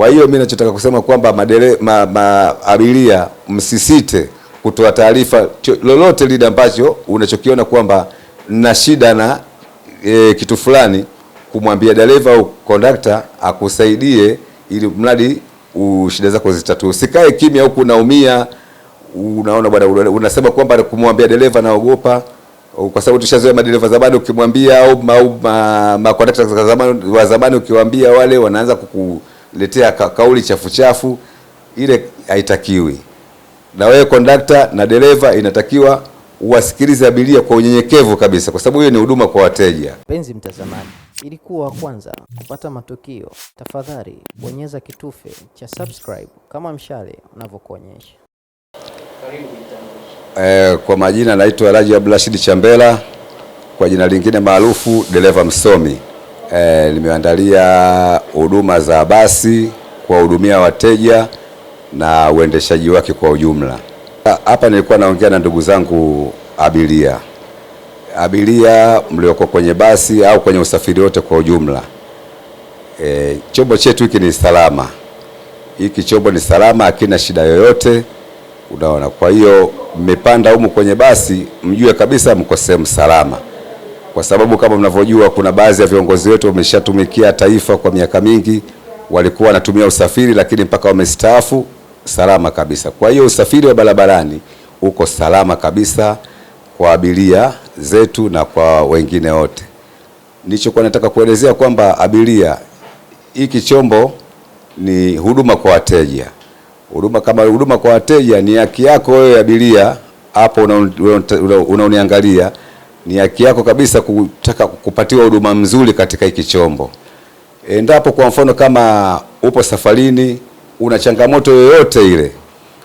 Kwa hiyo mimi nachotaka kusema kwamba madere, ma, ma, abiria msisite kutoa taarifa lolote lile ambacho unachokiona kwamba na shida na e, kitu fulani, kumwambia dereva au kondakta akusaidie, ili mradi shida zako zitatue. sikae kimya huku unaumia, unaona bwana, unasema kwamba kumwambia dereva naogopa kwa sababu tushazoea madereva zamani, ukimwambia au makondakta ma, ma, wa zamani ukiwaambia, wale wanaanza kuku letea ka, kauli chafu chafu ile haitakiwi. Na wewe kondakta na dereva inatakiwa uwasikilize abiria kwa unyenyekevu kabisa, kwa sababu hiyo ni huduma kwa wateja. Mpenzi mtazamaji, ili kuwa wa kwanza kupata matukio, tafadhali bonyeza kitufe cha subscribe kama mshale unavyokuonyesha. Eh, kwa majina naitwa Raji Abdulrashid Chambela, kwa jina lingine maarufu dereva msomi eh, nimeandalia huduma za basi kuwahudumia wateja na uendeshaji wake kwa ujumla. Hapa nilikuwa naongea na ndugu zangu abiria abiria mlioko kwenye basi au kwenye usafiri wote kwa ujumla. E, chombo chetu hiki ni salama, hiki chombo ni salama, hakina shida yoyote, unaona. Kwa hiyo mmepanda humu kwenye basi, mjue kabisa mko sehemu salama kwa sababu kama mnavyojua kuna baadhi ya viongozi wetu wameshatumikia taifa kwa miaka mingi, walikuwa wanatumia usafiri lakini mpaka wamestaafu salama kabisa. Kwa hiyo usafiri wa barabarani uko salama kabisa kwa abiria zetu na kwa wengine wote. Nilichokuwa nataka kuelezea kwamba abiria, hiki chombo ni huduma kwa wateja. Huduma kama huduma kwa wateja, ni haki yako wewe abiria hapo unaoniangalia una, una, una ni haki yako kabisa kutaka kupatiwa huduma mzuri katika hiki chombo. Endapo kwa mfano kama upo safarini, una changamoto yoyote ile,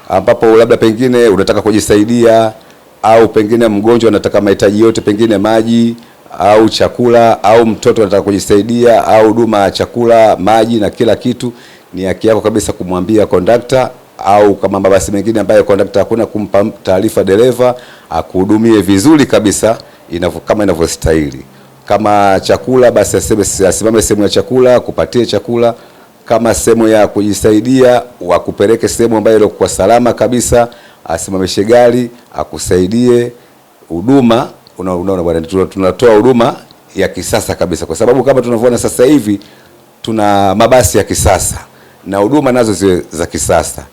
ambapo labda pengine unataka kujisaidia au pengine mgonjwa anataka mahitaji yote, pengine maji au chakula au mtoto anataka kujisaidia au huduma ya chakula, maji na kila kitu, ni haki yako kabisa kumwambia kondakta au kama mabasi mengine ambayo kondakta hakuna kumpa taarifa dereva akuhudumie vizuri kabisa inavu, kama inavyostahili. Kama chakula basi asimame sehemu ya chakula, kupatie chakula. Kama sehemu ya kujisaidia, wakupeleke sehemu ambayo ilikuwa salama kabisa, asimamishe gari akusaidie. Huduma unaona bwana, tunatoa huduma ya kisasa kabisa, kwa sababu kama tunavyoona sasa hivi tuna mabasi ya kisasa na huduma nazo ziwe za kisasa.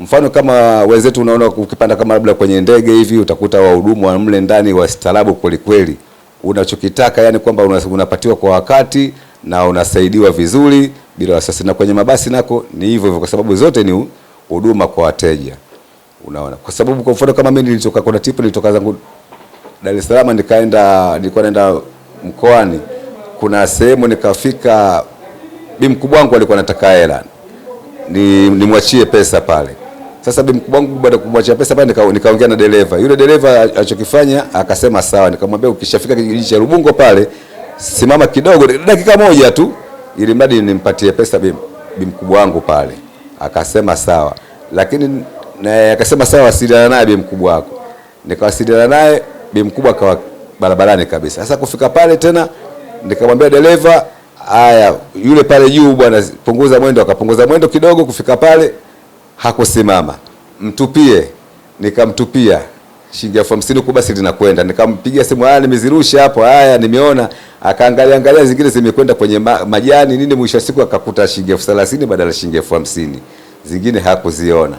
Mfano kama wenzetu, unaona ukipanda kama labda kwenye ndege hivi, utakuta wahudumu wa mle ndani wastaarabu kweli kweli, unachokitaka yani kwamba unapatiwa kwa wakati na unasaidiwa vizuri bila wasiwasi. Na kwenye mabasi nako ni hivyo hivyo, kwa sababu zote ni huduma kwa wateja, unaona. Kwa sababu kwa mfano kama mimi nilitoka, kuna tipu nilitoka zangu Dar es Salaam nikaenda, nilikuwa naenda mkoani, kuna sehemu nikafika, bi mkubwa wangu alikuwa anataka hela ni nimwachie pesa pale sasa bi mkubwa wangu baada kumwachia pesa pale, nikaongea na dereva yule. Dereva alichokifanya akasema sawa, nikamwambia ukishafika kijiji cha Rubungo pale simama kidogo, dakika moja tu, ili mradi nimpatie pesa bi mkubwa wangu pale. Akasema sawa, lakini naye akasema sawa, wasiliana naye bi mkubwa wako. Nikawasiliana naye bi mkubwa akawa barabarani kabisa. Sasa kufika pale tena nikamwambia dereva, haya, yule pale juu bwana, punguza mwendo. Akapunguza mwendo kidogo, kufika pale hakusimama, mtupie. Nikamtupia shilingi elfu hamsini kubwa, basi linakwenda. Nikampigia simu, haya, nimezirusha hapo, haya, nimeona. Akaangalia angalia, zingine zimekwenda kwenye majani nini, mwisho siku akakuta shilingi elfu thelathini badala shilingi elfu hamsini zingine hakuziona.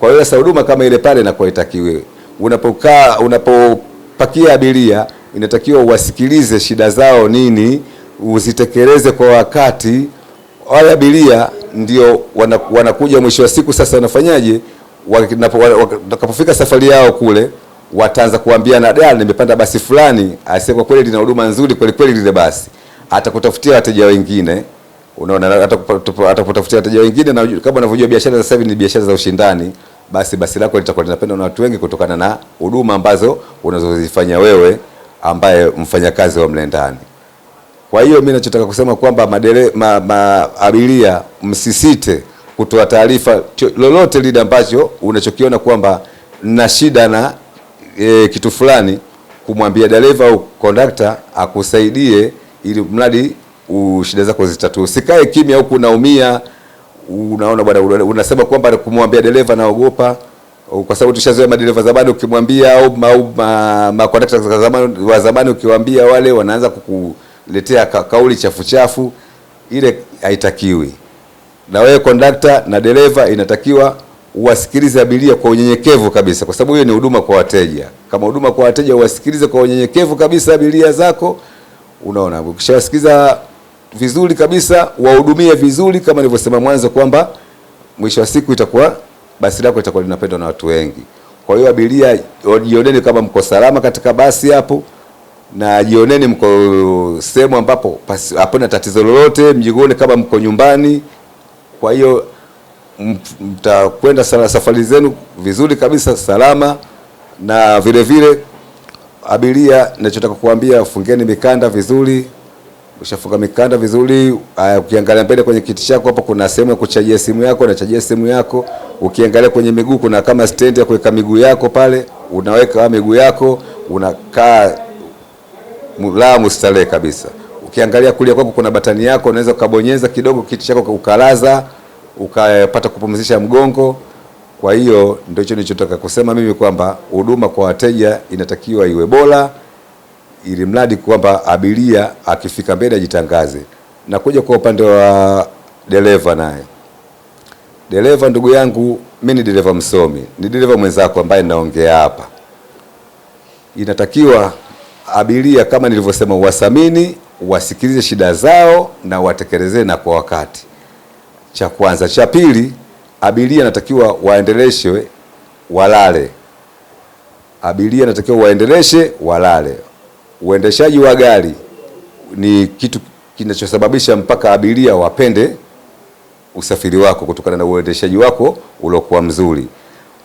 Kwa hiyo sasa huduma kama ile pale inakuwa itakiwe, unapokaa unapopakia abiria inatakiwa uwasikilize shida zao nini, uzitekeleze kwa wakati. Wale abiria ndio wanakuja mwisho wa siku sasa wanafanyaje, watakapofika safari yao kule wataanza kuambiana, da, nimepanda basi fulani asiye, kwa kweli lina huduma nzuri kweli kweli, lile basi atakutafutia wateja wengine. Unaona, atakutafutia wateja wengine, na kama unavyojua biashara sasa hivi ni biashara za ushindani, basi basi lako litakuwa linapendwa na watu wengi kutokana na huduma ambazo unazozifanya wewe, ambaye mfanyakazi wa mlendani kwa hiyo mimi nachotaka kusema kwamba madere, ma, ma, abiria msisite kutoa taarifa lolote lile ambacho unachokiona kwamba na shida na e, kitu fulani, kumwambia dereva au kondakta akusaidie, ili mradi shida zako zitatue. sikae kimya huku unaumia, unaona bwana, unasema kwamba kumwambia dereva naogopa kwa sababu tushazoea madereva zamani, ukimwambia au makondakta ma, ma, wa zamani ukiwaambia, wale wanaanza kuku letea ka, kauli chafu chafu ile haitakiwi. Na wewe kondakta na dereva inatakiwa uwasikilize abiria kwa unyenyekevu kabisa, kwa sababu hiyo ni huduma kwa wateja. Kama huduma kwa wateja, uwasikilize kwa unyenyekevu kabisa abiria zako. Unaona, ukishawasikiza vizuri kabisa, wahudumie vizuri, kama nilivyosema mwanzo kwamba mwisho wa siku itakuwa basi lako litakuwa linapendwa na watu wengi. Kwa hiyo abiria, jioneni kama mko salama katika basi hapo na jioneni mko sehemu ambapo hapana tatizo lolote, mjione kama mko nyumbani. Kwa hiyo mtakwenda safari zenu vizuri kabisa salama, na vile vile abiria, ninachotaka kuambia fungeni mikanda vizuri. Ushafunga mikanda vizuri, ukiangalia mbele kwenye kiti chako hapo kuna sehemu ya kuchajia simu yako, chajia simu yako. Ukiangalia kwenye miguu kuna kama stendi ya kuweka miguu yako pale, unaweka miguu yako unakaa la mustarehe kabisa. Ukiangalia kulia kwako kuna batani yako, unaweza ukabonyeza kidogo kiti chako ukalaza, ukapata kupumzisha mgongo. Kwa hiyo ndio hicho nilichotaka kusema mimi kwamba huduma kwa wateja inatakiwa iwe bora, ili mradi kwamba abiria akifika mbele ajitangaze. Na kuja kwa upande wa dereva, naye dereva, ndugu yangu, mimi ni dereva msomi, ni dereva mwenzako ambaye ninaongea hapa, inatakiwa abiria kama nilivyosema, wasamini wasikilize shida zao na watekelezee na kwa wakati, cha kwanza. Cha pili, abiria natakiwa waendeleshe walale, abiria natakiwa waendeleshe walale. Uendeshaji wa gari ni kitu kinachosababisha mpaka abiria wapende usafiri wako kutokana na uendeshaji wako uliokuwa mzuri.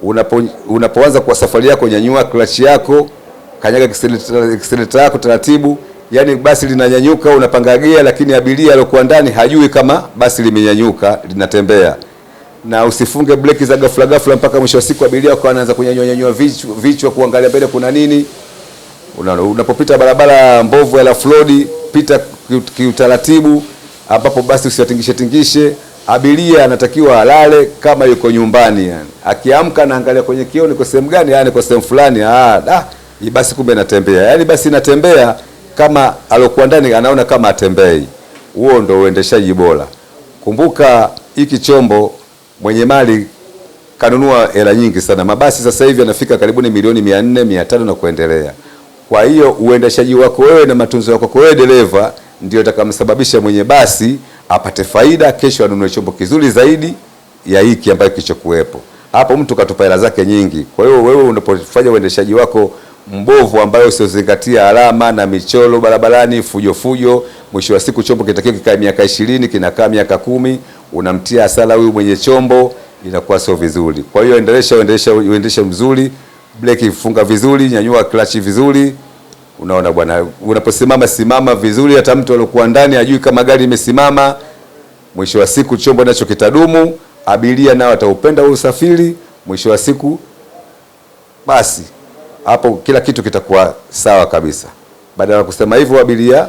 Unapo, unapoanza kwa safari yako, nyanyua klachi yako kanyaga kiseleta yako taratibu, yani basi linanyanyuka, unapangagia, lakini abiria aliyokuwa ndani hajui kama basi limenyanyuka linatembea, na usifunge breki za ghafla ghafla, mpaka mwisho wa siku abiria wakawa wanaanza kunyanyua nyanyua vichwa, vichwa kuangalia mbele kuna nini. Unapopita barabara mbovu ya lafrodi, pita kiutaratibu, ambapo basi usiwatingishe tingishe. Abiria anatakiwa alale kama yuko nyumbani, yani akiamka anaangalia kwenye kioo, niko sehemu gani? yani ah, kwa sehemu fulani. Ah, da basi kumbe natembea, yaani basi natembea kama alokuwa ndani anaona kama atembei. Huo ndio uendeshaji bora. Kumbuka hiki chombo mwenye mali kanunua hela nyingi sana. Mabasi sasa hivi yanafika karibuni milioni mia 500 mia na kuendelea. Kwa hiyo uendeshaji wako wewe na matunzo yako wewe dereva ndio itakamsababisha mwenye basi apate faida, kesho anunue chombo kizuri zaidi ya hiki ambayo kilichokuwepo hapo. Mtu katupa hela zake nyingi. Kwa hiyo wewe unapofanya uendeshaji wako mbovu ambayo usiozingatia alama na michoro barabarani, fujo fujo. Mwisho wa siku chombo kitakiwa kikae miaka ishirini, kinakaa miaka kumi, unamtia hasara huyu mwenye chombo, inakuwa sio vizuri. Kwa hiyo endelesha, endelesha, uendeshe mzuri, breki funga vizuri, nyanyua clutch vizuri. Unaona bwana, unaposimama simama vizuri, hata mtu aliyokuwa ndani ajui kama gari imesimama. Mwisho wa siku chombo nacho kitadumu, abiria nao ataupenda usafiri. Mwisho wa siku basi hapo kila kitu kitakuwa sawa kabisa. Badala ya kusema hivyo, abiria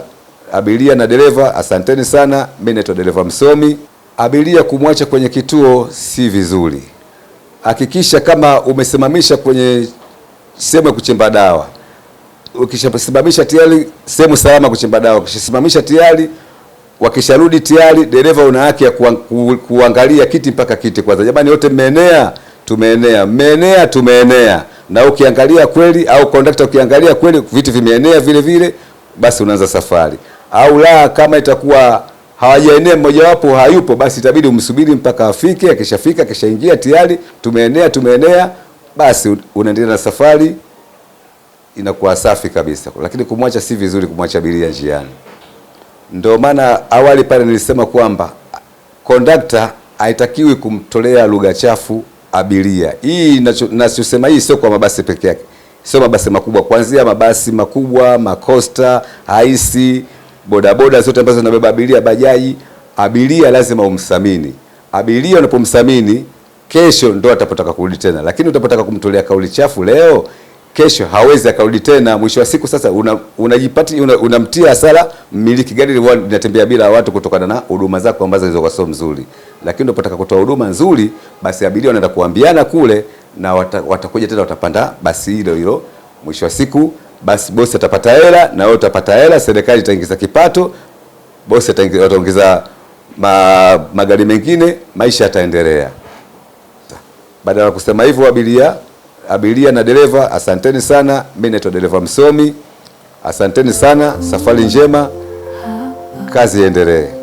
abiria na dereva, asanteni sana, mimi naitwa dereva msomi. Abiria kumwacha kwenye kituo si vizuri. Hakikisha kama umesimamisha kwenye sehemu ya kuchimba dawa, ukishasimamisha tayari sehemu salama kuchimba dawa, ukishasimamisha tayari wakisharudi tayari, dereva una haki ya kuangalia kiti mpaka kiti kwanza. Jamani, yote mmeenea, tumeenea, mmeenea, tumeenea na ukiangalia kweli au kondakta ukiangalia kweli viti vimeenea vile vile, basi unaanza safari. Au la kama itakuwa hawajaenea mmojawapo hayupo, basi itabidi umsubiri mpaka afike. Akishafika akishaingia tayari, tumeenea tumeenea, basi unaendelea na safari, inakuwa safi kabisa. Lakini kumwacha si vizuri, kumwacha abiria njiani. Ndio maana awali pale nilisema kwamba kondakta haitakiwi kumtolea lugha chafu abiria. Hii nachosema hii sio kwa mabasi peke yake, sio mabasi makubwa, kuanzia mabasi makubwa, makosta, haisi, bodaboda zote ambazo zinabeba abiria, bajaji. Abiria lazima umthamini abiria. Unapomthamini kesho, ndo atapotaka kurudi tena, lakini utapotaka kumtolea kauli chafu leo kesho hawezi akarudi tena. Mwisho wa siku sasa unajipati una unamtia una hasara mmiliki, gari linatembea bila watu kutokana na huduma zako ambazo zilizokuwa sio nzuri. Lakini unapotaka kutoa huduma nzuri, basi abiria wanaenda kuambiana kule na watakuja wata tena watapanda basi hilo hilo. Mwisho wa siku basi bosi atapata hela na wewe utapata hela, serikali itaingiza kipato, bosi ataongeza ma, magari mengine, maisha yataendelea. Badala ya kusema hivyo abiria abiria na dereva, asanteni sana. Mimi naitwa dereva msomi, asanteni sana, safari njema, kazi iendelee.